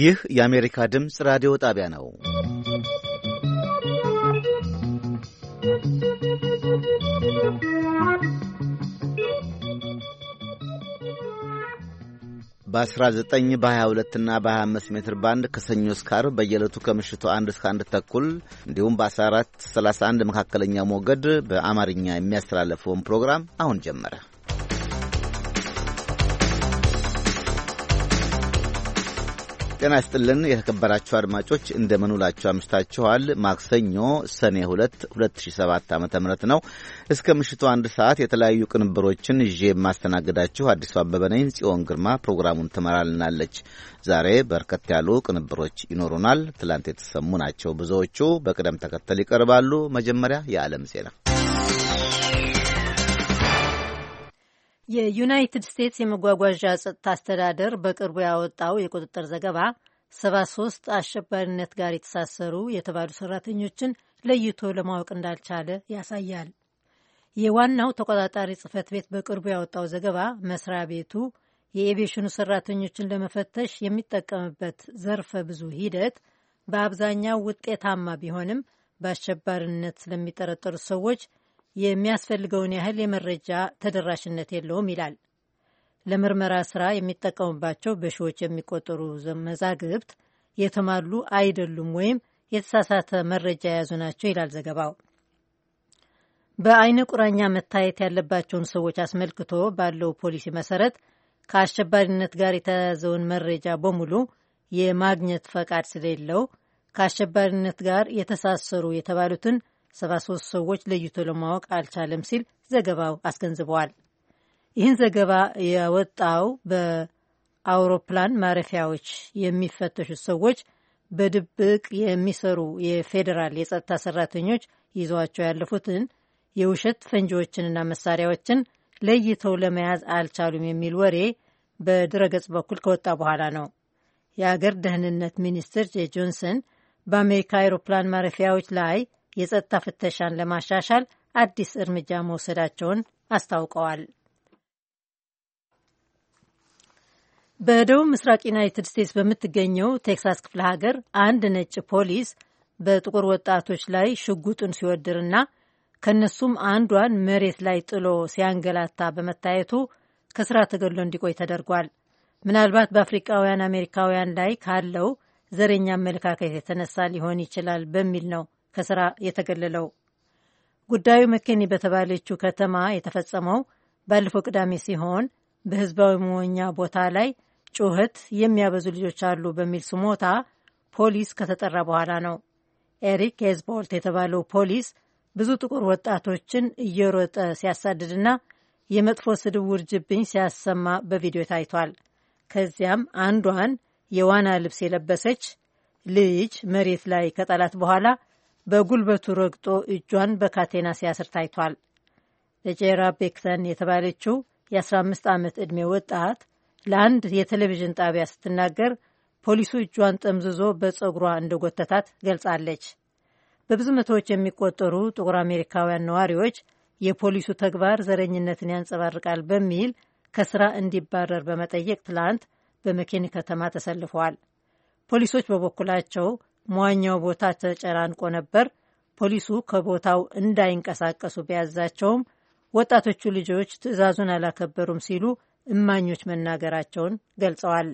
ይህ የአሜሪካ ድምፅ ራዲዮ ጣቢያ ነው። በ19 በ22 እና በ25 ሜትር ባንድ ከሰኞ እስከ ዓርብ በየዕለቱ ከምሽቱ አንድ እስከ አንድ ተኩል እንዲሁም በ1431 መካከለኛ ሞገድ በአማርኛ የሚያስተላለፈውን ፕሮግራም አሁን ጀመረ። ጤና ይስጥልን የተከበራችሁ አድማጮች እንደምን ውላችሁ አምሽታችኋል። ማክሰኞ ሰኔ 2 2007 ዓ ም ነው እስከ ምሽቱ አንድ ሰዓት የተለያዩ ቅንብሮችን ይዤ የማስተናግዳችሁ አዲሱ አበበ ነኝ። ጽዮን ግርማ ፕሮግራሙን ትመራልናለች። ዛሬ በርከት ያሉ ቅንብሮች ይኖሩናል። ትላንት የተሰሙ ናቸው ብዙዎቹ፣ በቅደም ተከተል ይቀርባሉ። መጀመሪያ የዓለም ዜና የዩናይትድ ስቴትስ የመጓጓዣ ጸጥታ አስተዳደር በቅርቡ ያወጣው የቁጥጥር ዘገባ 73 አሸባሪነት ጋር የተሳሰሩ የተባሉ ሰራተኞችን ለይቶ ለማወቅ እንዳልቻለ ያሳያል። የዋናው ተቆጣጣሪ ጽህፈት ቤት በቅርቡ ያወጣው ዘገባ መስሪያ ቤቱ የኤቪዬሽኑ ሰራተኞችን ለመፈተሽ የሚጠቀምበት ዘርፈ ብዙ ሂደት በአብዛኛው ውጤታማ ቢሆንም በአሸባሪነት ስለሚጠረጠሩ ሰዎች የሚያስፈልገውን ያህል የመረጃ ተደራሽነት የለውም ይላል። ለምርመራ ስራ የሚጠቀሙባቸው በሺዎች የሚቆጠሩ መዛግብት የተማሉ አይደሉም ወይም የተሳሳተ መረጃ የያዙ ናቸው ይላል ዘገባው። በአይነ ቁራኛ መታየት ያለባቸውን ሰዎች አስመልክቶ ባለው ፖሊሲ መሰረት ከአሸባሪነት ጋር የተያያዘውን መረጃ በሙሉ የማግኘት ፈቃድ ስለሌለው ከአሸባሪነት ጋር የተሳሰሩ የተባሉትን 73 ሰዎች ለይቶ ለማወቅ አልቻለም ሲል ዘገባው አስገንዝበዋል። ይህን ዘገባ የወጣው በአውሮፕላን ማረፊያዎች የሚፈተሹት ሰዎች በድብቅ የሚሰሩ የፌዴራል የጸጥታ ሰራተኞች ይዘዋቸው ያለፉትን የውሸት ፈንጂዎችንና መሳሪያዎችን ለይተው ለመያዝ አልቻሉም የሚል ወሬ በድረገጽ በኩል ከወጣ በኋላ ነው። የአገር ደህንነት ሚኒስትር ጄ ጆንሰን በአሜሪካ አውሮፕላን ማረፊያዎች ላይ የጸጥታ ፍተሻን ለማሻሻል አዲስ እርምጃ መውሰዳቸውን አስታውቀዋል። በደቡብ ምስራቅ ዩናይትድ ስቴትስ በምትገኘው ቴክሳስ ክፍለ ሀገር አንድ ነጭ ፖሊስ በጥቁር ወጣቶች ላይ ሽጉጡን ሲወድርና ከእነሱም አንዷን መሬት ላይ ጥሎ ሲያንገላታ በመታየቱ ከስራ ተገሎ እንዲቆይ ተደርጓል። ምናልባት በአፍሪቃውያን አሜሪካውያን ላይ ካለው ዘረኛ አመለካከት የተነሳ ሊሆን ይችላል በሚል ነው ከስራ የተገለለው። ጉዳዩ መኬኒ በተባለችው ከተማ የተፈጸመው ባለፈው ቅዳሜ ሲሆን በህዝባዊ መወኛ ቦታ ላይ ጩኸት የሚያበዙ ልጆች አሉ በሚል ስሞታ ፖሊስ ከተጠራ በኋላ ነው። ኤሪክ ሄዝቦልት የተባለው ፖሊስ ብዙ ጥቁር ወጣቶችን እየሮጠ ሲያሳድድና የመጥፎ ስድብ ውርጅብኝ ሲያሰማ በቪዲዮ ታይቷል። ከዚያም አንዷን የዋና ልብስ የለበሰች ልጅ መሬት ላይ ከጣላት በኋላ በጉልበቱ ረግጦ እጇን በካቴና ሲያስር ታይቷል። ለጄራ ቤክተን የተባለችው የ15 ዓመት ዕድሜ ወጣት ለአንድ የቴሌቪዥን ጣቢያ ስትናገር ፖሊሱ እጇን ጠምዝዞ በፀጉሯ ጎተታት ገልጻለች። በብዙ መቶዎች የሚቆጠሩ ጥቁር አሜሪካውያን ነዋሪዎች የፖሊሱ ተግባር ዘረኝነትን ያንጸባርቃል በሚል ከስራ እንዲባረር በመጠየቅ ትላንት በመኬኒ ከተማ ተሰልፈዋል። ፖሊሶች በበኩላቸው መዋኛው ቦታ ተጨናንቆ ነበር። ፖሊሱ ከቦታው እንዳይንቀሳቀሱ ቢያዛቸውም ወጣቶቹ ልጆች ትዕዛዙን አላከበሩም ሲሉ እማኞች መናገራቸውን ገልጸዋል።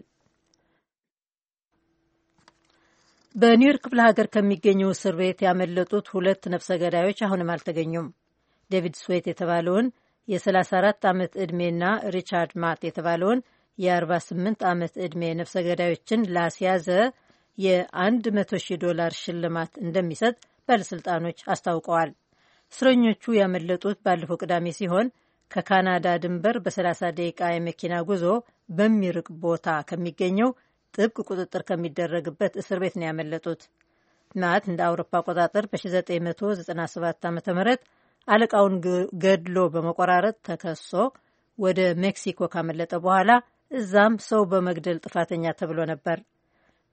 በኒውዮርክ ክፍለ ሀገር ከሚገኘው እስር ቤት ያመለጡት ሁለት ነፍሰ ገዳዮች አሁንም አልተገኙም። ዴቪድ ስዌት የተባለውን የ34 ዓመት ዕድሜና ሪቻርድ ማት የተባለውን የ48 ዓመት ዕድሜ ነፍሰ ገዳዮችን ላስያዘ የ100 ሺህ ዶላር ሽልማት እንደሚሰጥ ባለሥልጣኖች አስታውቀዋል። እስረኞቹ ያመለጡት ባለፈው ቅዳሜ ሲሆን ከካናዳ ድንበር በ30 ደቂቃ የመኪና ጉዞ በሚርቅ ቦታ ከሚገኘው ጥብቅ ቁጥጥር ከሚደረግበት እስር ቤት ነው ያመለጡት። ናት እንደ አውሮፓ አቆጣጠር በ1997 ዓ ም አለቃውን ገድሎ በመቆራረጥ ተከሶ ወደ ሜክሲኮ ካመለጠ በኋላ እዛም ሰው በመግደል ጥፋተኛ ተብሎ ነበር።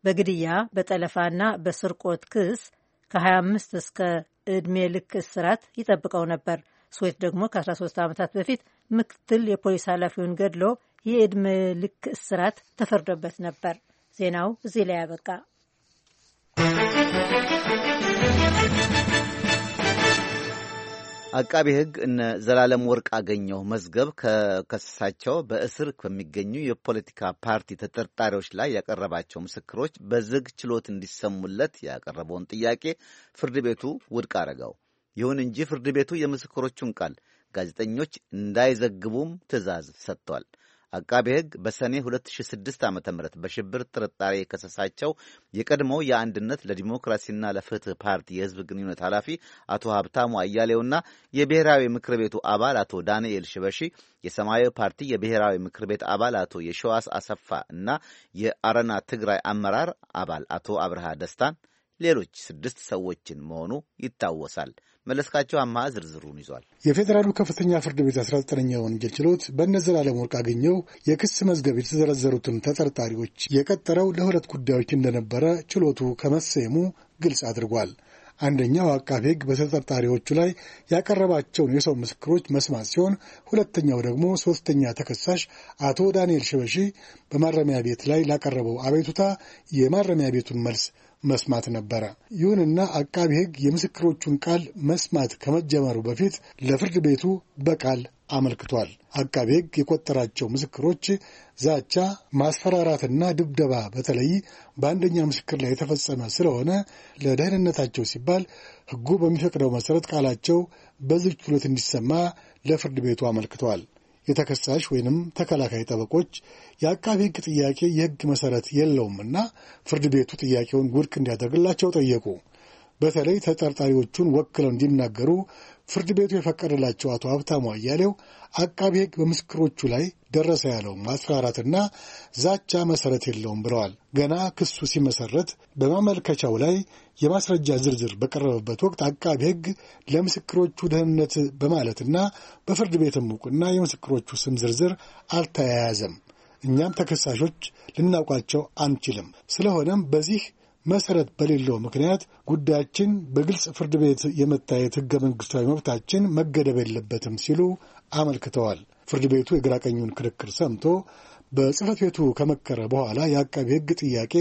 በግድያ በጠለፋና በስርቆት ክስ ከ25 እስከ ዕድሜ ልክ እስራት ይጠብቀው ነበር። ስዌት ደግሞ ከ13 ዓመታት በፊት ምክትል የፖሊስ ኃላፊውን ገድሎ የዕድሜ ልክ እስራት ተፈርዶበት ነበር። ዜናው እዚህ ላይ ያበቃ። አቃቤ ሕግ እነ ዘላለም ወርቅ አገኘው መዝገብ ከከሰሳቸው በእስር በሚገኙ የፖለቲካ ፓርቲ ተጠርጣሪዎች ላይ ያቀረባቸው ምስክሮች በዝግ ችሎት እንዲሰሙለት ያቀረበውን ጥያቄ ፍርድ ቤቱ ውድቅ አረገው። ይሁን እንጂ ፍርድ ቤቱ የምስክሮቹን ቃል ጋዜጠኞች እንዳይዘግቡም ትዕዛዝ ሰጥቷል። አቃቤ ሕግ በሰኔ 2006 ዓ ም በሽብር ጥርጣሬ የከሰሳቸው የቀድሞ የአንድነት ለዲሞክራሲና ለፍትህ ፓርቲ የህዝብ ግንኙነት ኃላፊ አቶ ሀብታሙ አያሌውና የብሔራዊ ምክር ቤቱ አባል አቶ ዳንኤል ሽበሺ፣ የሰማያዊ ፓርቲ የብሔራዊ ምክር ቤት አባል አቶ የሸዋስ አሰፋ እና የአረና ትግራይ አመራር አባል አቶ አብርሃ ደስታን ሌሎች ስድስት ሰዎችን መሆኑ ይታወሳል። መለስካቸው አማሃ ዝርዝሩን ይዟል። የፌዴራሉ ከፍተኛ ፍርድ ቤት 19ኛ ወንጀል ችሎት በእነ ዘላለም ወርቅ አገኘው የክስ መዝገብ የተዘረዘሩትን ተጠርጣሪዎች የቀጠረው ለሁለት ጉዳዮች እንደነበረ ችሎቱ ከመሰየሙ ግልጽ አድርጓል። አንደኛው አቃቤ ሕግ በተጠርጣሪዎቹ ላይ ያቀረባቸውን የሰው ምስክሮች መስማት ሲሆን ሁለተኛው ደግሞ ሦስተኛ ተከሳሽ አቶ ዳንኤል ሽበሺ በማረሚያ ቤት ላይ ላቀረበው አቤቱታ የማረሚያ ቤቱን መልስ መስማት ነበረ። ይሁንና አቃቢ ሕግ የምስክሮቹን ቃል መስማት ከመጀመሩ በፊት ለፍርድ ቤቱ በቃል አመልክቷል። አቃቢ ሕግ የቆጠራቸው ምስክሮች ዛቻ፣ ማስፈራራትና ድብደባ በተለይ በአንደኛ ምስክር ላይ የተፈጸመ ስለሆነ ለደህንነታቸው ሲባል ሕጉ በሚፈቅደው መሠረት ቃላቸው በዝግ ችሎት እንዲሰማ ለፍርድ ቤቱ አመልክቷል። የተከሳሽ ወይንም ተከላካይ ጠበቆች የአቃቢ ሕግ ጥያቄ የሕግ መሠረት የለውምና ፍርድ ቤቱ ጥያቄውን ውድቅ እንዲያደርግላቸው ጠየቁ። በተለይ ተጠርጣሪዎቹን ወክለው እንዲናገሩ ፍርድ ቤቱ የፈቀደላቸው አቶ ሀብታሙ አያሌው አቃቢ ሕግ በምስክሮቹ ላይ ደረሰ ያለው ማስፈራራትና ዛቻ መሰረት የለውም ብለዋል። ገና ክሱ ሲመሰረት በማመልከቻው ላይ የማስረጃ ዝርዝር በቀረበበት ወቅት አቃቢ ሕግ ለምስክሮቹ ደህንነት በማለትና በፍርድ ቤትም ዕውቅና የምስክሮቹ ስም ዝርዝር አልተያያዘም። እኛም ተከሳሾች ልናውቃቸው አንችልም። ስለሆነም በዚህ መሰረት በሌለው ምክንያት ጉዳያችን በግልጽ ፍርድ ቤት የመታየት ህገ መንግስታዊ መብታችን መገደብ የለበትም ሲሉ አመልክተዋል። ፍርድ ቤቱ የግራ ቀኙን ክርክር ሰምቶ በጽህፈት ቤቱ ከመከረ በኋላ የአቃቢ ህግ ጥያቄ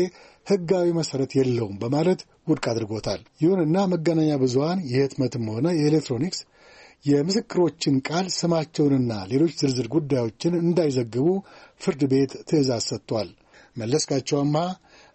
ህጋዊ መሰረት የለውም በማለት ውድቅ አድርጎታል። ይሁንና መገናኛ ብዙሀን የህትመትም ሆነ የኤሌክትሮኒክስ የምስክሮችን ቃል ስማቸውንና ሌሎች ዝርዝር ጉዳዮችን እንዳይዘግቡ ፍርድ ቤት ትእዛዝ ሰጥቷል። መለስካቸው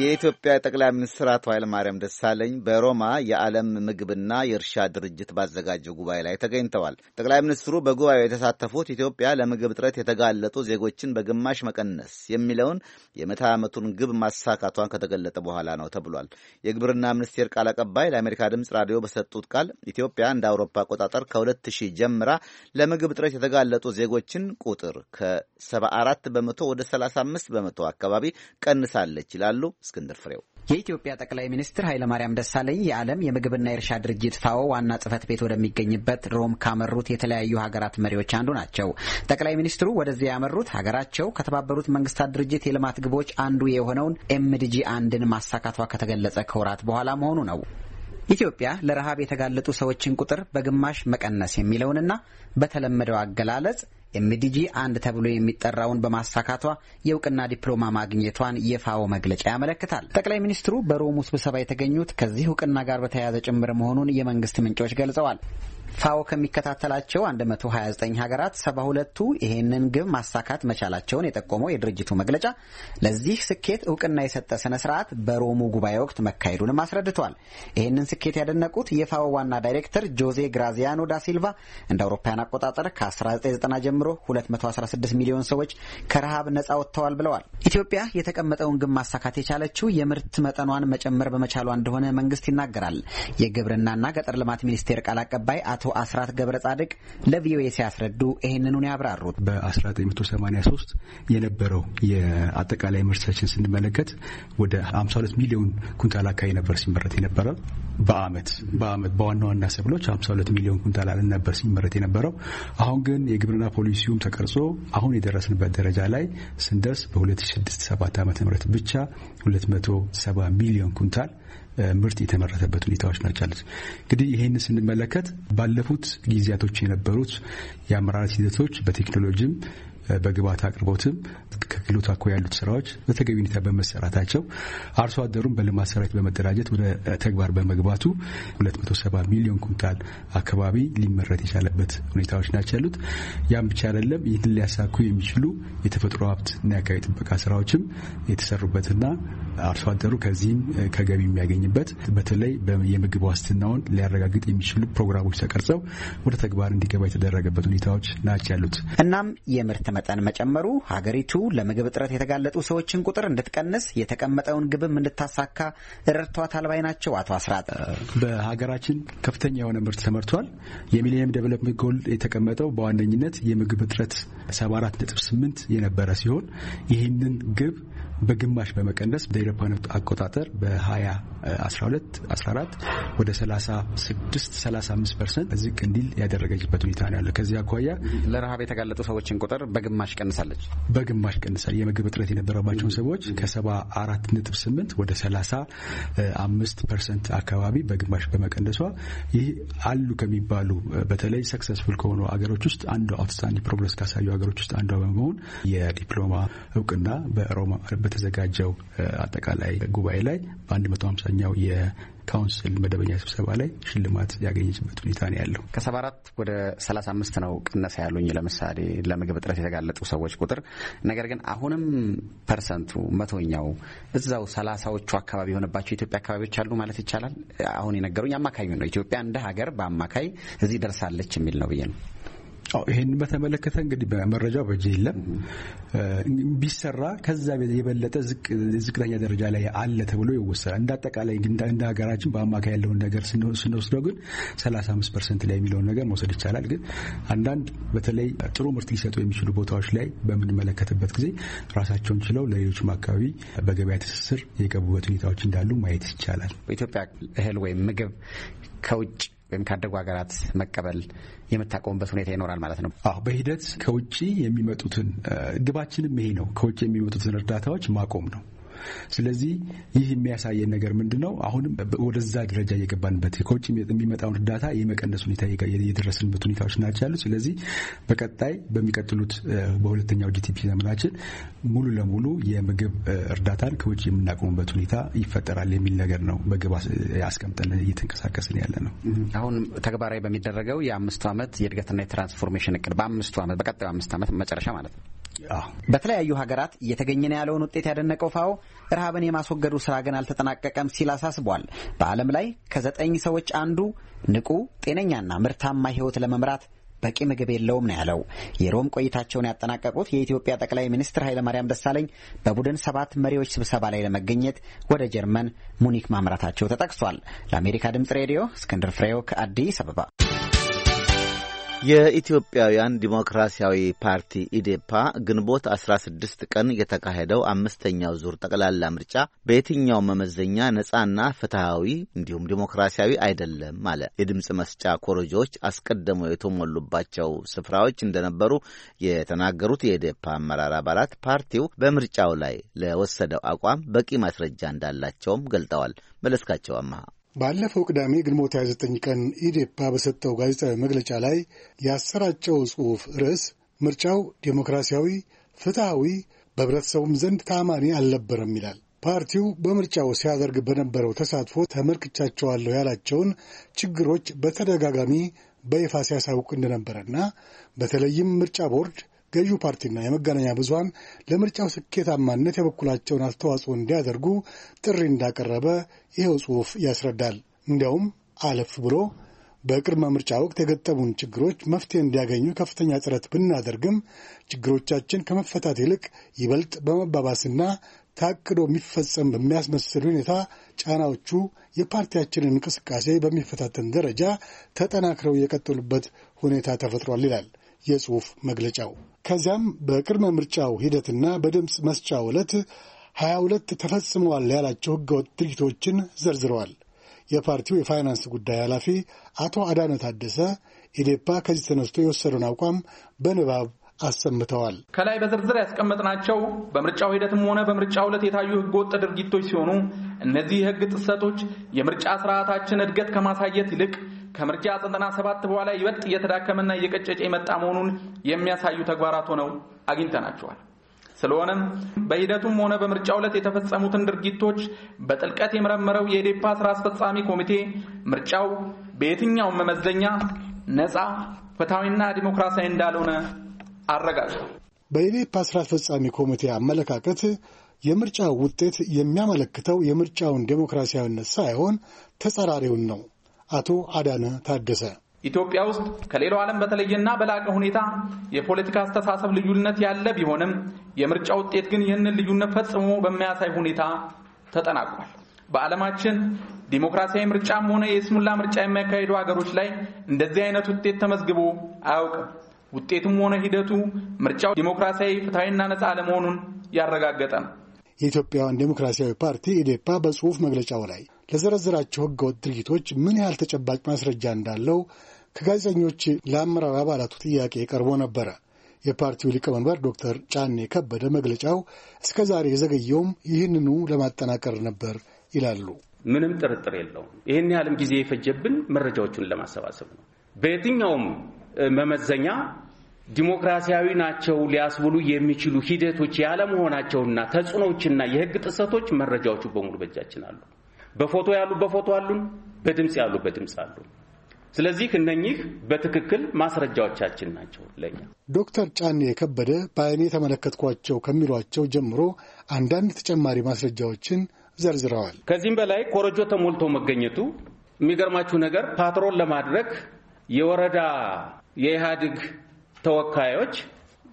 የኢትዮጵያ ጠቅላይ ሚኒስትር አቶ ኃይለማርያም ደሳለኝ በሮማ የዓለም ምግብና የእርሻ ድርጅት ባዘጋጀው ጉባኤ ላይ ተገኝተዋል። ጠቅላይ ሚኒስትሩ በጉባኤው የተሳተፉት ኢትዮጵያ ለምግብ እጥረት የተጋለጡ ዜጎችን በግማሽ መቀነስ የሚለውን የምዕተ ዓመቱን ግብ ማሳካቷን ከተገለጠ በኋላ ነው ተብሏል። የግብርና ሚኒስቴር ቃል አቀባይ ለአሜሪካ ድምፅ ራዲዮ በሰጡት ቃል ኢትዮጵያ እንደ አውሮፓ አቆጣጠር ከ2000 ጀምራ ለምግብ እጥረት የተጋለጡ ዜጎችን ቁጥር ከ74 በመቶ ወደ 35 በመቶ አካባቢ ቀንሳለች ይላሉ። እስክንድር ፍሬው። የኢትዮጵያ ጠቅላይ ሚኒስትር ኃይለማርያም ደሳለኝ የዓለም የምግብና የእርሻ ድርጅት ፋኦ ዋና ጽህፈት ቤት ወደሚገኝበት ሮም ካመሩት የተለያዩ ሀገራት መሪዎች አንዱ ናቸው። ጠቅላይ ሚኒስትሩ ወደዚያ ያመሩት ሀገራቸው ከተባበሩት መንግስታት ድርጅት የልማት ግቦች አንዱ የሆነውን ኤምዲጂ አንድን ማሳካቷ ከተገለጸ ከወራት በኋላ መሆኑ ነው። ኢትዮጵያ ለረሃብ የተጋለጡ ሰዎችን ቁጥር በግማሽ መቀነስ የሚለውንና በተለመደው አገላለጽ ኤምዲጂ አንድ ተብሎ የሚጠራውን በማሳካቷ የእውቅና ዲፕሎማ ማግኘቷን የፋኦ መግለጫ ያመለክታል። ጠቅላይ ሚኒስትሩ በሮሙ ስብሰባ የተገኙት ከዚህ እውቅና ጋር በተያያዘ ጭምር መሆኑን የመንግስት ምንጮች ገልጸዋል። ፋኦ ከሚከታተላቸው 129 ሀገራት 72ቱ ይህንን ግብ ማሳካት መቻላቸውን የጠቆመው የድርጅቱ መግለጫ ለዚህ ስኬት እውቅና የሰጠ ስነ ስርዓት በሮሙ ጉባኤ ወቅት መካሄዱንም አስረድቷል። ይህንን ስኬት ያደነቁት የፋኦ ዋና ዳይሬክተር ጆዜ ግራዚያኖ ዳሲልቫ እንደ አውሮፓውያን አቆጣጠር ከ1990 ጀምሮ 216 ሚሊዮን ሰዎች ከረሃብ ነጻ ወጥተዋል ብለዋል። ኢትዮጵያ የተቀመጠውን ግብ ማሳካት የቻለችው የምርት መጠኗን መጨመር በመቻሏ እንደሆነ መንግስት ይናገራል። የግብርናና ገጠር ልማት ሚኒስቴር ቃል አቀባይ አቶ አስራት ገብረ ጻድቅ ለቪኦኤ ሲያስረዱ ይህንኑን ያብራሩት በ1983 የነበረው የአጠቃላይ ምርታችን ስንመለከት ወደ 52 ሚሊዮን ኩንታል አካባቢ ነበር ሲመረት የነበረው በአመት በአመት በዋና ዋና ሰብሎች 52 ሚሊዮን ኩንታል ነበር ሲመረት የነበረው። አሁን ግን የግብርና ፖሊሲውም ተቀርጾ አሁን የደረስንበት ደረጃ ላይ ስንደርስ በ2067 ዓ ም ብቻ 270 ሚሊዮን ኩንታል ምርት የተመረተበት ሁኔታዎች ናቸው ያሉት። እንግዲህ ይህን ስንመለከት ባለፉት ጊዜያቶች የነበሩት የአመራረት ሂደቶች በቴክኖሎጂም በግብዓት አቅርቦትም ከክሎት አኮ ያሉት ስራዎች በተገቢ ሁኔታ በመሰራታቸው አርሶ አደሩም በልማት ሰራዊት በመደራጀት ወደ ተግባር በመግባቱ 270 ሚሊዮን ኩንታል አካባቢ ሊመረት የቻለበት ሁኔታዎች ናቸው ያሉት። ያም ብቻ አይደለም፣ ይህን ሊያሳኩ የሚችሉ የተፈጥሮ ሀብትና የአካባቢ ጥበቃ ስራዎችም የተሰሩበትና አርሶ አደሩ ከዚህም ከገቢ የሚያገኝበት በተለይ የምግብ ዋስትናውን ሊያረጋግጥ የሚችሉ ፕሮግራሞች ተቀርጸው ወደ ተግባር እንዲገባ የተደረገበት ሁኔታዎች ናቸው ያሉት። እናም የምርት መጠን መጨመሩ ሀገሪቱ ለምግብ እጥረት የተጋለጡ ሰዎችን ቁጥር እንድትቀንስ የተቀመጠውን ግብም እንድታሳካ ረድቷታል ባይ ናቸው አቶ አስራት። በሀገራችን ከፍተኛ የሆነ ምርት ተመርቷል። የሚሊኒየም ዴቨሎፕመንት ጎል የተቀመጠው በዋነኝነት የምግብ እጥረት 74.8 የነበረ ሲሆን ይህንን ግብ በግማሽ በመቀነስ በአውሮፓውያን አቆጣጠር በ2012 14 ወደ 36 35 ፐርሰንት ዝቅ እንዲል ያደረገችበት ሁኔታ ነው ያለ። ከዚህ አኳያ ለረሃብ የተጋለጡ ሰዎችን ቁጥር በግማሽ ቀንሳለች በግማሽ ቀንሳል። የምግብ እጥረት የነበረባቸውን ሰዎች ከ74 ነጥብ 8 ወደ 35 ፐርሰንት አካባቢ በግማሽ በመቀነሷ ይህ አሉ ከሚባሉ በተለይ ሰክሰስፉል ከሆኑ አገሮች ውስጥ አንዷ አውትስታንዲንግ ፕሮግረስ ካሳዩ ሀገሮች ውስጥ አንዷ በመሆን የዲፕሎማ እውቅና በሮማ በተዘጋጀው አጠቃላይ ጉባኤ ላይ በ150ኛው የካውንስል መደበኛ ስብሰባ ላይ ሽልማት ያገኘችበት ሁኔታ ነው ያለው። ከ74 ወደ 35 ነው ቅነሳ ያሉኝ ለምሳሌ ለምግብ እጥረት የተጋለጡ ሰዎች ቁጥር። ነገር ግን አሁንም ፐርሰንቱ መቶኛው እዛው ሰላሳዎቹ አካባቢ የሆነባቸው የኢትዮጵያ አካባቢዎች አሉ ማለት ይቻላል። አሁን የነገሩኝ አማካኙ ነው። ኢትዮጵያ እንደ ሀገር በአማካይ እዚህ ደርሳለች የሚል ነው ብዬ ነው ይህን በተመለከተ እንግዲህ በመረጃው በእጅ የለም። ቢሰራ ከዛ የበለጠ ዝቅተኛ ደረጃ ላይ አለ ተብሎ ይወሰዳል። እንደ አጠቃላይ እንደ ሀገራችን በአማካይ ያለውን ነገር ስንወስደው ግን 35 ፐርሰንት ላይ የሚለውን ነገር መውሰድ ይቻላል። ግን አንዳንድ በተለይ ጥሩ ምርት ሊሰጡ የሚችሉ ቦታዎች ላይ በምንመለከትበት ጊዜ ራሳቸውን ችለው ለሌሎችም አካባቢ በገበያ ትስስር የገቡበት ሁኔታዎች እንዳሉ ማየት ይቻላል። በኢትዮጵያ እህል ወይም ምግብ ከውጭ ወይም ካደጉ ሀገራት መቀበል የምታቆሙበት ሁኔታ ይኖራል ማለት ነው። አዎ በሂደት ከውጭ የሚመጡትን ግባችንም ይሄ ነው። ከውጭ የሚመጡትን እርዳታዎች ማቆም ነው። ስለዚህ ይህ የሚያሳየን ነገር ምንድን ነው? አሁንም ወደዛ ደረጃ እየገባንበት ከውጭ የሚመጣውን እርዳታ የመቀነስ ሁኔታ የደረስንበት ሁኔታዎች ናቸው ያሉ። ስለዚህ በቀጣይ በሚቀጥሉት በሁለተኛው ጂቲፒ ዘመናችን ሙሉ ለሙሉ የምግብ እርዳታን ከውጭ የምናቆሙበት ሁኔታ ይፈጠራል የሚል ነገር ነው በግብ አስቀምጠን እየተንቀሳቀስን ያለ ነው። አሁን ተግባራዊ በሚደረገው የአምስቱ ዓመት የእድገትና የትራንስፎርሜሽን እቅድ በአምስቱ ዓመት በቀጣዩ አምስት ዓመት መጨረሻ ማለት ነው በተለያዩ ሀገራት እየተገኘ ነው ያለውን ውጤት ያደነቀው ፋኦ ረሃብን የማስወገዱ ስራ ግን አልተጠናቀቀም ሲል አሳስቧል። በዓለም ላይ ከዘጠኝ ሰዎች አንዱ ንቁ ጤነኛና ምርታማ ህይወት ለመምራት በቂ ምግብ የለውም ነው ያለው። የሮም ቆይታቸውን ያጠናቀቁት የኢትዮጵያ ጠቅላይ ሚኒስትር ኃይለማርያም ደሳለኝ በቡድን ሰባት መሪዎች ስብሰባ ላይ ለመገኘት ወደ ጀርመን ሙኒክ ማምራታቸው ተጠቅሷል። ለአሜሪካ ድምጽ ሬዲዮ እስክንድር ፍሬው ከአዲስ አበባ የኢትዮጵያውያን ዲሞክራሲያዊ ፓርቲ ኢዴፓ ግንቦት 16 ቀን የተካሄደው አምስተኛው ዙር ጠቅላላ ምርጫ በየትኛው መመዘኛ ነጻና ፍትሐዊ እንዲሁም ዲሞክራሲያዊ አይደለም አለ። የድምፅ መስጫ ኮረጆዎች አስቀድመው የተሞሉባቸው ስፍራዎች እንደነበሩ የተናገሩት የኢዴፓ አመራር አባላት ፓርቲው በምርጫው ላይ ለወሰደው አቋም በቂ ማስረጃ እንዳላቸውም ገልጠዋል። መለስካቸው አመሃ ባለፈው ቅዳሜ ግንቦት 29 ቀን ኢዴፓ በሰጠው ጋዜጣዊ መግለጫ ላይ ያሰራጨው ጽሑፍ ርዕስ ምርጫው ዴሞክራሲያዊ፣ ፍትሐዊ፣ በህብረተሰቡም ዘንድ ታማኒ አልነበረም ይላል። ፓርቲው በምርጫው ሲያደርግ በነበረው ተሳትፎ ተመልክቻቸዋለሁ ያላቸውን ችግሮች በተደጋጋሚ በይፋ ሲያሳውቅ እንደነበረና በተለይም ምርጫ ቦርድ ገዢው ፓርቲና የመገናኛ ብዙሀን ለምርጫው ስኬታማነት የበኩላቸውን አስተዋጽኦ እንዲያደርጉ ጥሪ እንዳቀረበ ይኸው ጽሑፍ ያስረዳል። እንዲያውም አለፍ ብሎ በቅድመ ምርጫ ወቅት የገጠሙን ችግሮች መፍትሄ እንዲያገኙ ከፍተኛ ጥረት ብናደርግም ችግሮቻችን ከመፈታት ይልቅ ይበልጥ በመባባስና ታቅዶ የሚፈጸም በሚያስመስል ሁኔታ ጫናዎቹ የፓርቲያችንን እንቅስቃሴ በሚፈታተን ደረጃ ተጠናክረው የቀጠሉበት ሁኔታ ተፈጥሯል ይላል። የጽሑፍ መግለጫው። ከዚያም በቅድመ ምርጫው ሂደትና በድምፅ መስጫ ዕለት 22 ተፈጽመዋል ያላቸው ህገወጥ ድርጊቶችን ዘርዝረዋል። የፓርቲው የፋይናንስ ጉዳይ ኃላፊ አቶ አዳነ ታደሰ ኢዴፓ ከዚህ ተነስቶ የወሰደውን አቋም በንባብ አሰምተዋል። ከላይ በዝርዝር ያስቀመጥናቸው በምርጫው ሂደትም ሆነ በምርጫው ዕለት የታዩ ህገወጥ ድርጊቶች ሲሆኑ እነዚህ የህግ ጥሰቶች የምርጫ ስርዓታችን እድገት ከማሳየት ይልቅ ከምርጫ 97 በኋላ ይበልጥ እየተዳከመና እየቀጨጨ የመጣ መሆኑን የሚያሳዩ ተግባራት ሆነው አግኝተናቸዋል። ስለሆነም በሂደቱም ሆነ በምርጫው ዕለት የተፈጸሙትን ድርጊቶች በጥልቀት የመረመረው የኢዴፓ ስራ አስፈጻሚ ኮሚቴ ምርጫው በየትኛውም መመዘኛ ነፃ ፍትሐዊና ዲሞክራሲያዊ እንዳልሆነ አረጋግጧል። በኢዴፓ ስራ አስፈጻሚ ኮሚቴ አመለካከት የምርጫው ውጤት የሚያመለክተው የምርጫውን ዴሞክራሲያዊነት ሳይሆን ተጸራሪውን ነው። አቶ አዳነ ታደሰ ኢትዮጵያ ውስጥ ከሌላው ዓለም በተለየና በላቀ ሁኔታ የፖለቲካ አስተሳሰብ ልዩነት ያለ ቢሆንም የምርጫ ውጤት ግን ይህንን ልዩነት ፈጽሞ በሚያሳይ ሁኔታ ተጠናቋል። በዓለማችን ዲሞክራሲያዊ ምርጫም ሆነ የስሙላ ምርጫ የሚያካሂዱ ሀገሮች ላይ እንደዚህ አይነት ውጤት ተመዝግቦ አያውቅም። ውጤቱም ሆነ ሂደቱ ምርጫው ዲሞክራሲያዊ፣ ፍትሐዊና ነፃ አለመሆኑን ያረጋገጠ ነው። የኢትዮጵያውያን ዲሞክራሲያዊ ፓርቲ ኢዴፓ በጽሁፍ መግለጫው ላይ ለዘረዘራቸው ህገወጥ ድርጊቶች ምን ያህል ተጨባጭ ማስረጃ እንዳለው ከጋዜጠኞች ለአመራር አባላቱ ጥያቄ ቀርቦ ነበረ። የፓርቲው ሊቀመንበር ዶክተር ጫኔ ከበደ መግለጫው እስከ ዛሬ የዘገየውም ይህንኑ ለማጠናቀር ነበር ይላሉ። ምንም ጥርጥር የለውም። ይህን ያህልም ጊዜ የፈጀብን መረጃዎቹን ለማሰባሰብ ነው። በየትኛውም መመዘኛ ዲሞክራሲያዊ ናቸው ሊያስብሉ የሚችሉ ሂደቶች ያለመሆናቸውና ተጽዕኖዎችና የህግ ጥሰቶች መረጃዎቹ በሙሉ በእጃችን አሉ። በፎቶ ያሉ በፎቶ አሉን፣ በድምፅ ያሉ በድምፅ አሉ። ስለዚህ እነኚህ በትክክል ማስረጃዎቻችን ናቸው ለኛ። ዶክተር ጫኔ የከበደ በአይኔ የተመለከትኳቸው ከሚሏቸው ጀምሮ አንዳንድ ተጨማሪ ማስረጃዎችን ዘርዝረዋል። ከዚህም በላይ ኮረጆ ተሞልቶ መገኘቱ የሚገርማችሁ ነገር ፓትሮል ለማድረግ የወረዳ የኢህአዴግ ተወካዮች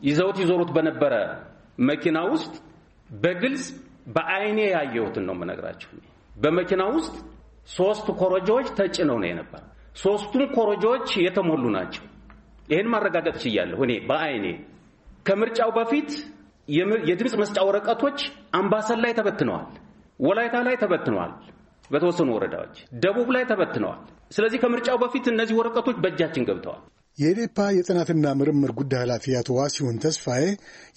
ይዘውት ይዞሩት በነበረ መኪና ውስጥ በግልጽ በአይኔ ያየሁትን ነው የምነግራችሁ። በመኪና ውስጥ ሶስት ኮረጆዎች ተጭነው ነው የነበረ። ሶስቱም ኮረጆዎች የተሞሉ ናቸው። ይህን ማረጋገጥ ችያለሁ እኔ በአይኔ። ከምርጫው በፊት የድምፅ መስጫ ወረቀቶች አምባሰል ላይ ተበትነዋል፣ ወላይታ ላይ ተበትነዋል፣ በተወሰኑ ወረዳዎች ደቡብ ላይ ተበትነዋል። ስለዚህ ከምርጫው በፊት እነዚህ ወረቀቶች በእጃችን ገብተዋል። የኢዴፓ የጥናትና ምርምር ጉዳይ ኃላፊ አቶ ዋሲሁን ተስፋዬ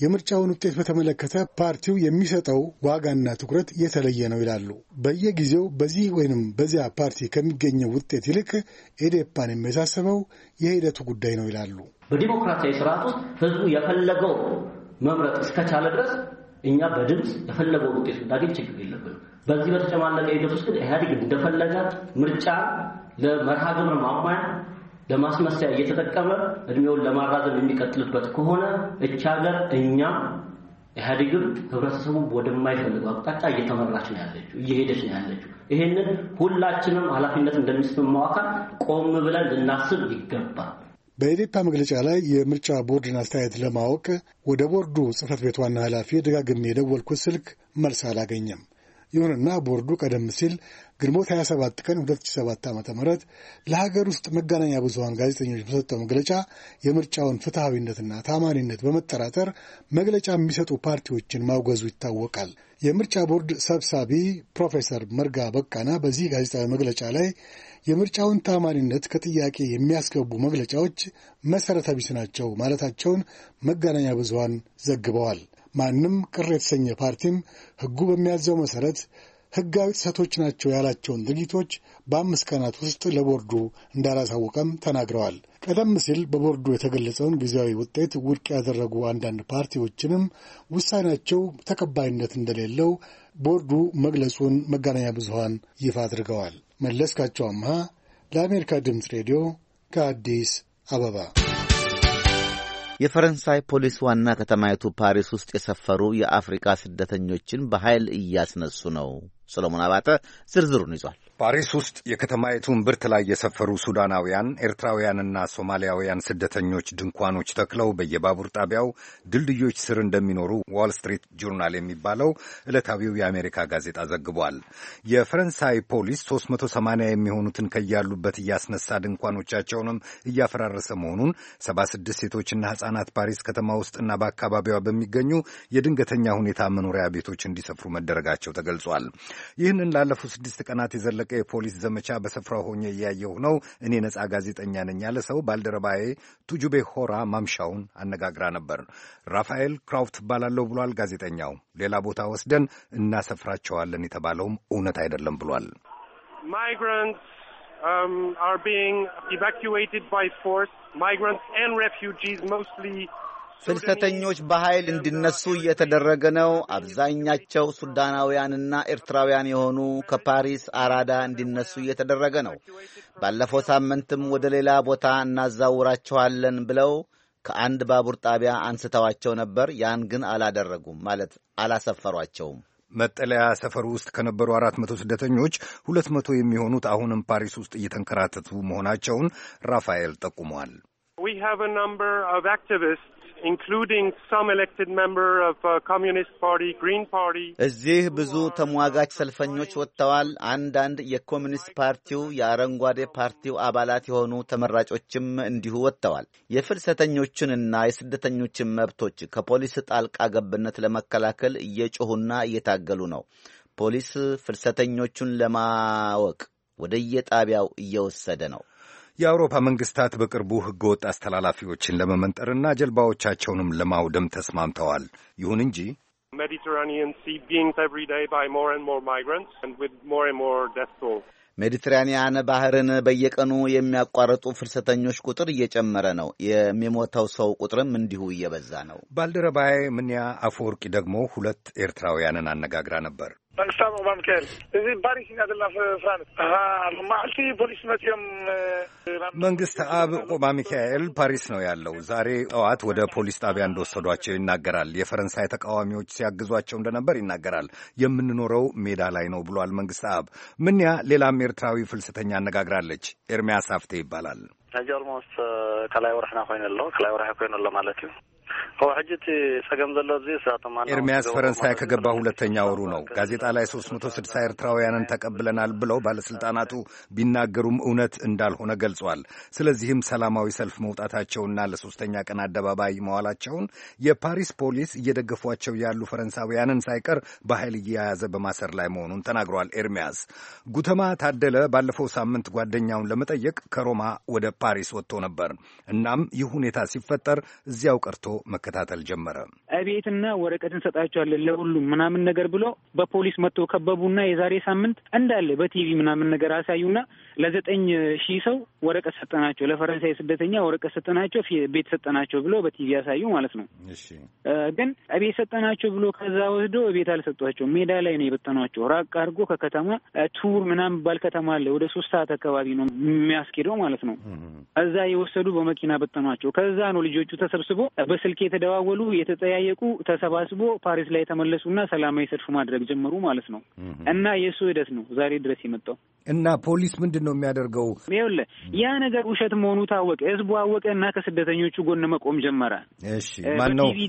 የምርጫውን ውጤት በተመለከተ ፓርቲው የሚሰጠው ዋጋና ትኩረት የተለየ ነው ይላሉ። በየጊዜው በዚህ ወይንም በዚያ ፓርቲ ከሚገኘው ውጤት ይልቅ ኢዴፓን የሚያሳስበው የሂደቱ ጉዳይ ነው ይላሉ። በዲሞክራሲያዊ ስርዓት ውስጥ ህዝቡ የፈለገው መምረጥ እስከቻለ ድረስ እኛ በድምፅ የፈለገውን ውጤት እንዳገኝ ችግር የለብንም። በዚህ በተጨማለቀ ሂደት ውስጥ ግን ኢህአዴግ እንደፈለገ ምርጫ ለመርሃ ግብር ማሟያ ለማስመሰያ እየተጠቀመ እድሜውን ለማራዘም የሚቀጥልበት ከሆነ እች ሀገር እኛ ኢህአዴግም ህብረተሰቡ ወደማይፈልገው አቅጣጫ እየተመራች ነው ያለችው፣ እየሄደች ነው ያለችው። ይሄንን ሁላችንም ኃላፊነት እንደሚስማማው አካል ቆም ብለን ልናስብ ይገባል። በኢዴፓ መግለጫ ላይ የምርጫ ቦርድን አስተያየት ለማወቅ ወደ ቦርዱ ጽህፈት ቤት ዋና ኃላፊ ደጋግሜ የደወልኩት ስልክ መልስ አላገኘም። ይሁንና ቦርዱ ቀደም ሲል ግንቦት 27 ቀን 2007 ዓ ም ለሀገር ውስጥ መገናኛ ብዙሀን ጋዜጠኞች በሰጠው መግለጫ የምርጫውን ፍትሐዊነትና ታማኒነት በመጠራጠር መግለጫ የሚሰጡ ፓርቲዎችን ማውገዙ ይታወቃል። የምርጫ ቦርድ ሰብሳቢ ፕሮፌሰር መርጋ በቃና በዚህ ጋዜጣዊ መግለጫ ላይ የምርጫውን ታማኒነት ከጥያቄ የሚያስገቡ መግለጫዎች መሠረተ ቢስ ናቸው ማለታቸውን መገናኛ ብዙሀን ዘግበዋል። ማንም ቅር የተሰኘ ፓርቲም ሕጉ በሚያዘው መሠረት ህጋዊ ጥሰቶች ናቸው ያላቸውን ድርጊቶች በአምስት ቀናት ውስጥ ለቦርዱ እንዳላሳወቀም ተናግረዋል። ቀደም ሲል በቦርዱ የተገለጸውን ጊዜያዊ ውጤት ውድቅ ያደረጉ አንዳንድ ፓርቲዎችንም ውሳኔያቸው ተቀባይነት እንደሌለው ቦርዱ መግለጹን መገናኛ ብዙሃን ይፋ አድርገዋል። መለስካቸው አምሃ ለአሜሪካ ድምፅ ሬዲዮ ከአዲስ አበባ። የፈረንሳይ ፖሊስ ዋና ከተማይቱ ፓሪስ ውስጥ የሰፈሩ የአፍሪካ ስደተኞችን በኃይል እያስነሱ ነው ሰለሞን አባተ ዝርዝሩን ይዟል። ፓሪስ ውስጥ የከተማይቱ እምብርት ላይ የሰፈሩ ሱዳናውያን፣ ኤርትራውያንና ሶማሊያውያን ስደተኞች ድንኳኖች ተክለው በየባቡር ጣቢያው ድልድዮች ስር እንደሚኖሩ ዋል ስትሪት ጆርናል የሚባለው ዕለታዊው የአሜሪካ ጋዜጣ ዘግቧል። የፈረንሳይ ፖሊስ 380 የሚሆኑትን ከያሉበት እያስነሳ ድንኳኖቻቸውንም እያፈራረሰ መሆኑን 76 ሴቶችና ሕፃናት ፓሪስ ከተማ ውስጥና በአካባቢዋ በሚገኙ የድንገተኛ ሁኔታ መኖሪያ ቤቶች እንዲሰፍሩ መደረጋቸው ተገልጿል። ይህንን ላለፉት ስድስት ቀናት የዘለ የረቀቀ የፖሊስ ዘመቻ በስፍራው ሆኜ እያየሁ ነው። እኔ ነጻ ጋዜጠኛ ነኝ ያለ ሰው ባልደረባዬ ቱጁቤ ሆራ ማምሻውን አነጋግራ ነበር። ራፋኤል ክራውፍት ትባላለሁ ብሏል ጋዜጠኛው። ሌላ ቦታ ወስደን እናሰፍራቸዋለን የተባለውም እውነት አይደለም ብሏል። um, ፍልሰተኞች በኃይል እንዲነሱ እየተደረገ ነው። አብዛኛቸው ሱዳናውያንና ኤርትራውያን የሆኑ ከፓሪስ አራዳ እንዲነሱ እየተደረገ ነው። ባለፈው ሳምንትም ወደ ሌላ ቦታ እናዛውራቸዋለን ብለው ከአንድ ባቡር ጣቢያ አንስተዋቸው ነበር። ያን ግን አላደረጉም፣ ማለት አላሰፈሯቸውም። መጠለያ ሰፈር ውስጥ ከነበሩ አራት መቶ ስደተኞች ሁለት መቶ የሚሆኑት አሁንም ፓሪስ ውስጥ እየተንከራተቱ መሆናቸውን ራፋኤል ጠቁሟል። We have a number of activists Uh, እዚህ ብዙ ተሟጋች ሰልፈኞች ወጥተዋል። አንዳንድ የኮሚኒስት ፓርቲው የአረንጓዴ ፓርቲው አባላት የሆኑ ተመራጮችም እንዲሁ ወጥተዋል። የፍልሰተኞችንና የስደተኞችን መብቶች ከፖሊስ ጣልቃ ገብነት ለመከላከል እየጮሁና እየታገሉ ነው። ፖሊስ ፍልሰተኞቹን ለማወቅ ወደየጣቢያው እየወሰደ ነው። የአውሮፓ መንግስታት በቅርቡ ህገወጥ አስተላላፊዎችን ለመመንጠርና ጀልባዎቻቸውንም ለማውደም ተስማምተዋል። ይሁን እንጂ ሜዲትራኒያን ባህርን በየቀኑ የሚያቋርጡ ፍልሰተኞች ቁጥር እየጨመረ ነው። የሚሞተው ሰው ቁጥርም እንዲሁ እየበዛ ነው። ባልደረባዬ ምንያ አፈወርቂ ደግሞ ሁለት ኤርትራውያንን አነጋግራ ነበር። መንግስታዊ ሞባ ሚካኤል እዚ ባሪስ ኢና ዘለና ፍራንስ መዓልቲ ፖሊስ መፅኦም መንግስት ኣብ ቆባ ሚካኤል ፓሪስ ነው ያለው። ዛሬ ጠዋት ወደ ፖሊስ ጣቢያ እንደወሰዷቸው ይናገራል። የፈረንሳይ ተቃዋሚዎች ሲያግዟቸው እንደነበር ይናገራል። የምንኖረው ሜዳ ላይ ነው ብሏል መንግስት ኣብ ምንያ። ሌላም ኤርትራዊ ፍልሰተኛ አነጋግራለች። ኤርሚያስ ሃፍቴ ይባላል። ሕጂ ኦልሞስት ከላይ ወርሕና ኮይኑ ኣሎ ከላይ ወርሒ ኮይኑ ኣሎ ማለት እዩ ኤርሚያስ ፈረንሳይ ከገባ ሁለተኛ ወሩ ነው። ጋዜጣ ላይ ሶስት መቶ ስድሳ ኤርትራውያንን ተቀብለናል ብለው ባለስልጣናቱ ቢናገሩም እውነት እንዳልሆነ ገልጿል። ስለዚህም ሰላማዊ ሰልፍ መውጣታቸውና ለሶስተኛ ቀን አደባባይ መዋላቸውን የፓሪስ ፖሊስ እየደገፏቸው ያሉ ፈረንሳውያንን ሳይቀር በኃይል እየያዘ በማሰር ላይ መሆኑን ተናግሯል። ኤርሚያስ ጉተማ ታደለ ባለፈው ሳምንት ጓደኛውን ለመጠየቅ ከሮማ ወደ ፓሪስ ወጥቶ ነበር። እናም ይህ ሁኔታ ሲፈጠር እዚያው ቀርቶ መከታተል ጀመረ። እቤትና ወረቀት እንሰጣቸዋለን ለሁሉም ምናምን ነገር ብሎ በፖሊስ መጥቶ ከበቡና የዛሬ ሳምንት እንዳለ በቲቪ ምናምን ነገር አሳዩና ለዘጠኝ ሺህ ሰው ወረቀት ሰጠናቸው፣ ለፈረንሳይ ስደተኛ ወረቀት ሰጠናቸው፣ ቤት ሰጠናቸው ብሎ በቲቪ ያሳዩ ማለት ነው። ግን እቤት ሰጠናቸው ብሎ ከዛ ወስዶ ቤት አልሰጧቸው፣ ሜዳ ላይ ነው የበጠኗቸው። ራቅ አድርጎ ከከተማ ቱር ምናምን ባል ከተማ አለ ወደ ሶስት ሰዓት አካባቢ ነው የሚያስኬደው ማለት ነው። እዛ የወሰዱ በመኪና በጠኗቸው። ከዛ ነው ልጆቹ ተሰብስቦ በስ ስልክ የተደዋወሉ የተጠያየቁ ተሰባስቦ ፓሪስ ላይ የተመለሱና ሰላማዊ ሰልፍ ማድረግ ጀመሩ ማለት ነው። እና የእሱ ሂደት ነው ዛሬ ድረስ የመጣው። እና ፖሊስ ምንድን ነው የሚያደርገው? ይኸውልህ ያ ነገር ውሸት መሆኑ ታወቀ፣ ህዝቡ አወቀ እና ከስደተኞቹ ጎን መቆም ጀመረ። እሺ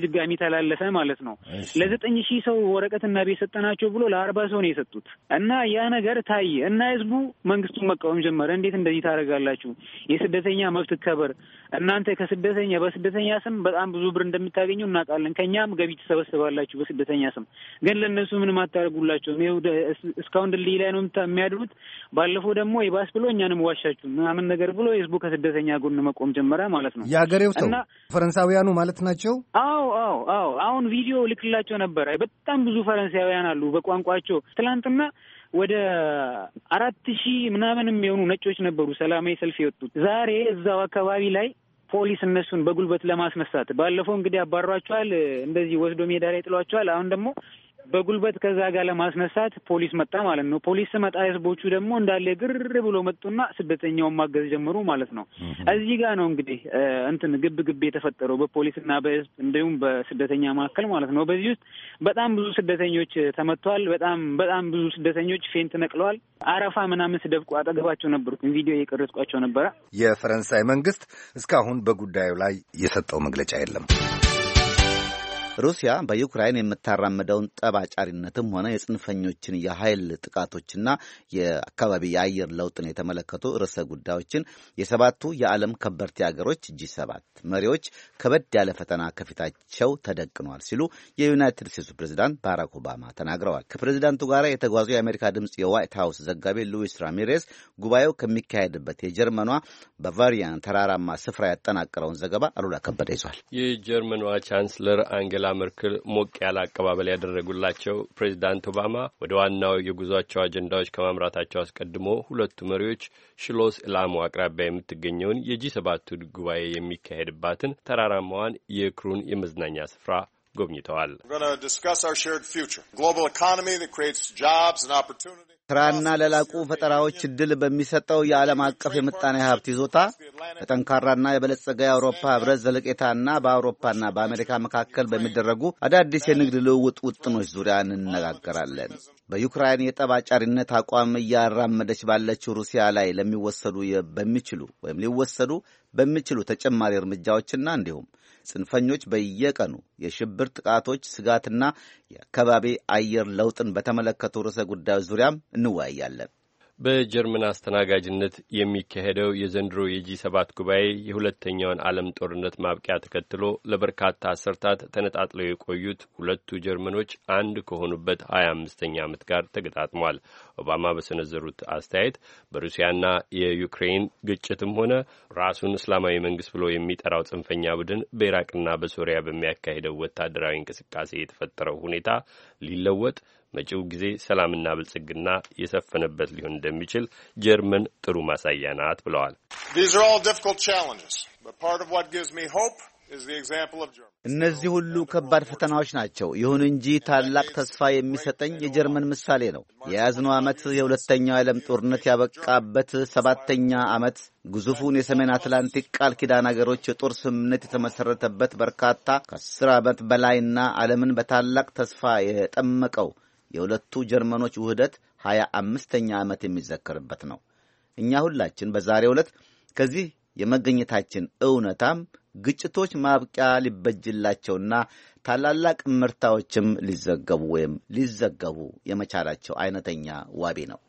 ድጋሚ ተላለፈ ማለት ነው። ለዘጠኝ ሺህ ሰው ወረቀትና ቤት ሰጠናቸው ብሎ ለአርባ ሰው ነው የሰጡት እና ያ ነገር ታየ እና ህዝቡ መንግስቱን መቃወም ጀመረ። እንዴት እንደዚህ ታደርጋላችሁ? የስደተኛ መብት ከበር እናንተ ከስደተኛ በስደተኛ ስም በጣም ብዙ ብር እንደምታገኙ እናውቃለን። ከእኛም ገቢ ትሰበስባላችሁ በስደተኛ ስም ግን ለእነሱ ምንም አታደርጉላቸውም። እስካሁን ድልድይ ላይ ነው የሚያድሩት። ባለፈው ደግሞ ይባስ ብሎ እኛንም ዋሻችሁ ምናምን ነገር ብሎ ህዝቡ ከስደተኛ ጎን መቆም ጀመረ ማለት ነው። የሀገሬው ሰው ፈረንሳውያኑ ማለት ናቸው። አዎ አዎ አዎ። አሁን ቪዲዮ ልክላቸው ነበረ። በጣም ብዙ ፈረንሳውያን አሉ በቋንቋቸው ትላንትና ወደ አራት ሺህ ምናምን የሚሆኑ ነጮች ነበሩ ሰላማዊ ሰልፍ የወጡት። ዛሬ እዛው አካባቢ ላይ ፖሊስ እነሱን በጉልበት ለማስነሳት ባለፈው እንግዲህ አባሯቸዋል፣ እንደዚህ ወስዶ ሜዳ ላይ ጥሏቸዋል። አሁን ደግሞ በጉልበት ከዛ ጋር ለማስነሳት ፖሊስ መጣ ማለት ነው። ፖሊስ መጣ፣ ህዝቦቹ ደግሞ እንዳለ ግር ብሎ መጡና ስደተኛውን ማገዝ ጀምሩ ማለት ነው። እዚህ ጋር ነው እንግዲህ እንትን ግብ ግብ የተፈጠረው በፖሊስና በህዝብ እንዲሁም በስደተኛ መካከል ማለት ነው። በዚህ ውስጥ በጣም ብዙ ስደተኞች ተመቷል። በጣም በጣም ብዙ ስደተኞች ፌንት ነቅለዋል። አረፋ ምናምን ስደብቁ አጠገባቸው ነበርኩኝ፣ ቪዲዮ የቀረጽኳቸው ነበረ። የፈረንሳይ መንግስት እስካሁን በጉዳዩ ላይ የሰጠው መግለጫ የለም። ሩሲያ በዩክራይን የምታራምደውን ጠባጫሪነትም ሆነ የጽንፈኞችን የኃይል ጥቃቶችና የአካባቢ የአየር ለውጥን የተመለከቱ ርዕሰ ጉዳዮችን የሰባቱ የዓለም ከበርቴ አገሮች ጂ ሰባት መሪዎች ከበድ ያለ ፈተና ከፊታቸው ተደቅኗል ሲሉ የዩናይትድ ስቴትሱ ፕሬዚዳንት ባራክ ኦባማ ተናግረዋል። ከፕሬዚዳንቱ ጋር የተጓዙ የአሜሪካ ድምፅ የዋይት ሀውስ ዘጋቢ ሉዊስ ራሚሬስ ጉባኤው ከሚካሄድበት የጀርመኗ በቫሪያን ተራራማ ስፍራ ያጠናቀረውን ዘገባ አሉላ ከበደ ይዟል። የጀርመኗ ቻንስለር አንጌላ መርክል ሞቅ ያለ አቀባበል ያደረጉላቸው ፕሬዚዳንት ኦባማ ወደ ዋናው የጉዟቸው አጀንዳዎች ከማምራታቸው አስቀድሞ ሁለቱ መሪዎች ሽሎስ ኢላሙ አቅራቢያ የምትገኘውን የጂ ሰባቱ ጉባኤ የሚካሄድባትን ተራራማዋን የክሩን የመዝናኛ ስፍራ ጎብኝተዋል። ሥራና ለላቁ ፈጠራዎች ዕድል በሚሰጠው የዓለም አቀፍ የምጣኔ ሀብት ይዞታ በጠንካራና የበለጸገ የአውሮፓ ኅብረት ዘለቄታና በአውሮፓና በአሜሪካ መካከል በሚደረጉ አዳዲስ የንግድ ልውውጥ ውጥኖች ዙሪያ እንነጋገራለን። በዩክራይን የጠብ አጫሪነት አቋም እያራመደች ባለችው ሩሲያ ላይ ለሚወሰዱ በሚችሉ ወይም ሊወሰዱ በሚችሉ ተጨማሪ እርምጃዎችና እንዲሁም ጽንፈኞች በየቀኑ የሽብር ጥቃቶች ስጋትና የአካባቢ አየር ለውጥን በተመለከቱ ርዕሰ ጉዳዮች ዙሪያም እንወያያለን። በጀርመን አስተናጋጅነት የሚካሄደው የዘንድሮ የጂ ሰባት ጉባኤ የሁለተኛውን ዓለም ጦርነት ማብቂያ ተከትሎ ለበርካታ አስርታት ተነጣጥለው የቆዩት ሁለቱ ጀርመኖች አንድ ከሆኑበት ሀያ አምስተኛ ዓመት ጋር ተገጣጥሟል። ኦባማ በሰነዘሩት አስተያየት በሩሲያና የዩክሬን ግጭትም ሆነ ራሱን እስላማዊ መንግስት ብሎ የሚጠራው ጽንፈኛ ቡድን በኢራቅና በሶሪያ በሚያካሄደው ወታደራዊ እንቅስቃሴ የተፈጠረው ሁኔታ ሊለወጥ መጪው ጊዜ ሰላምና ብልጽግና የሰፈነበት ሊሆን እንደሚችል ጀርመን ጥሩ ማሳያ ናት ብለዋል። እነዚህ ሁሉ ከባድ ፈተናዎች ናቸው። ይሁን እንጂ ታላቅ ተስፋ የሚሰጠኝ የጀርመን ምሳሌ ነው። የያዝነው ዓመት የሁለተኛው ዓለም ጦርነት ያበቃበት ሰባተኛ ዓመት ግዙፉን የሰሜን አትላንቲክ ቃል ኪዳን አገሮች የጦር ስምምነት የተመሠረተበት በርካታ ከአስር ዓመት በላይና ዓለምን በታላቅ ተስፋ የጠመቀው የሁለቱ ጀርመኖች ውህደት ሀያ አምስተኛ ዓመት የሚዘከርበት ነው። እኛ ሁላችን በዛሬ ዕለት ከዚህ የመገኘታችን እውነታም ግጭቶች ማብቂያ ሊበጅላቸውና ታላላቅ ምርታዎችም ሊዘገቡ ወይም ሊዘገቡ የመቻላቸው አይነተኛ ዋቢ ነው።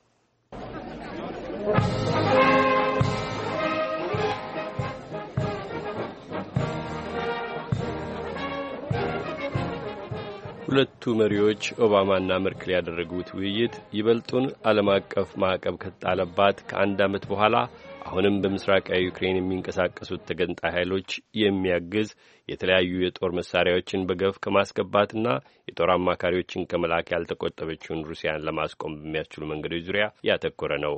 ሁለቱ መሪዎች ኦባማና መርክል ያደረጉት ውይይት ይበልጡን ዓለም አቀፍ ማዕቀብ ከተጣለባት ከአንድ ዓመት በኋላ አሁንም በምስራቃዊ ዩክሬን የሚንቀሳቀሱት ተገንጣይ ኃይሎች የሚያግዝ የተለያዩ የጦር መሳሪያዎችን በገፍ ከማስገባትና የጦር አማካሪዎችን ከመላክ ያልተቆጠበችውን ሩሲያን ለማስቆም በሚያስችሉ መንገዶች ዙሪያ ያተኮረ ነው።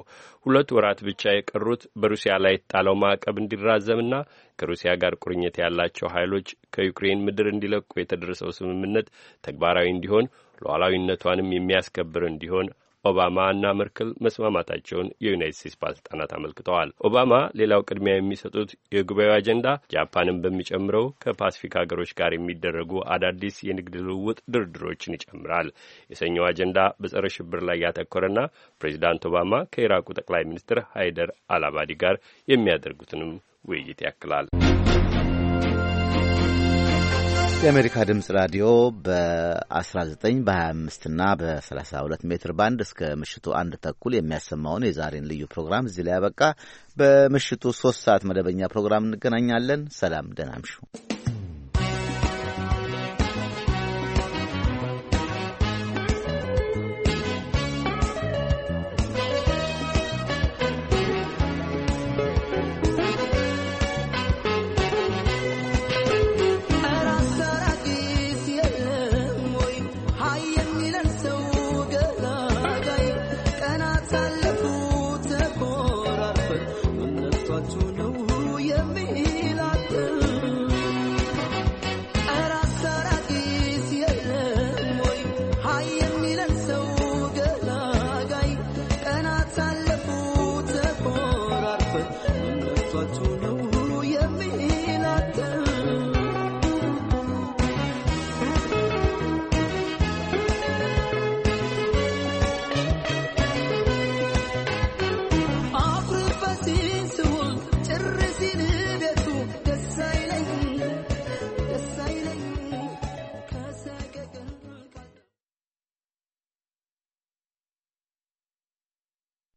ሁለት ወራት ብቻ የቀሩት በሩሲያ ላይ የተጣለው ማዕቀብ እንዲራዘምና ከሩሲያ ጋር ቁርኝት ያላቸው ኃይሎች ከዩክሬን ምድር እንዲለቁ የተደረሰው ስምምነት ተግባራዊ እንዲሆን ሉዓላዊነቷንም የሚያስከብር እንዲሆን ኦባማ እና መርክል መስማማታቸውን የዩናይት ስቴትስ ባለስልጣናት አመልክተዋል። ኦባማ ሌላው ቅድሚያ የሚሰጡት የጉባኤው አጀንዳ ጃፓንን በሚጨምረው ከፓሲፊክ ሀገሮች ጋር የሚደረጉ አዳዲስ የንግድ ልውውጥ ድርድሮችን ይጨምራል። የሰኞው አጀንዳ በጸረ ሽብር ላይ ያተኮረና ፕሬዚዳንት ኦባማ ከኢራቁ ጠቅላይ ሚኒስትር ሃይደር አልአባዲ ጋር የሚያደርጉትንም ውይይት ያክላል። የአሜሪካ ድምፅ ራዲዮ በ19 በ25 እና በ32 ሜትር ባንድ እስከ ምሽቱ አንድ ተኩል የሚያሰማውን የዛሬን ልዩ ፕሮግራም እዚህ ላይ ያበቃ። በምሽቱ ሶስት ሰዓት መደበኛ ፕሮግራም እንገናኛለን። ሰላም ደህና እምሹ።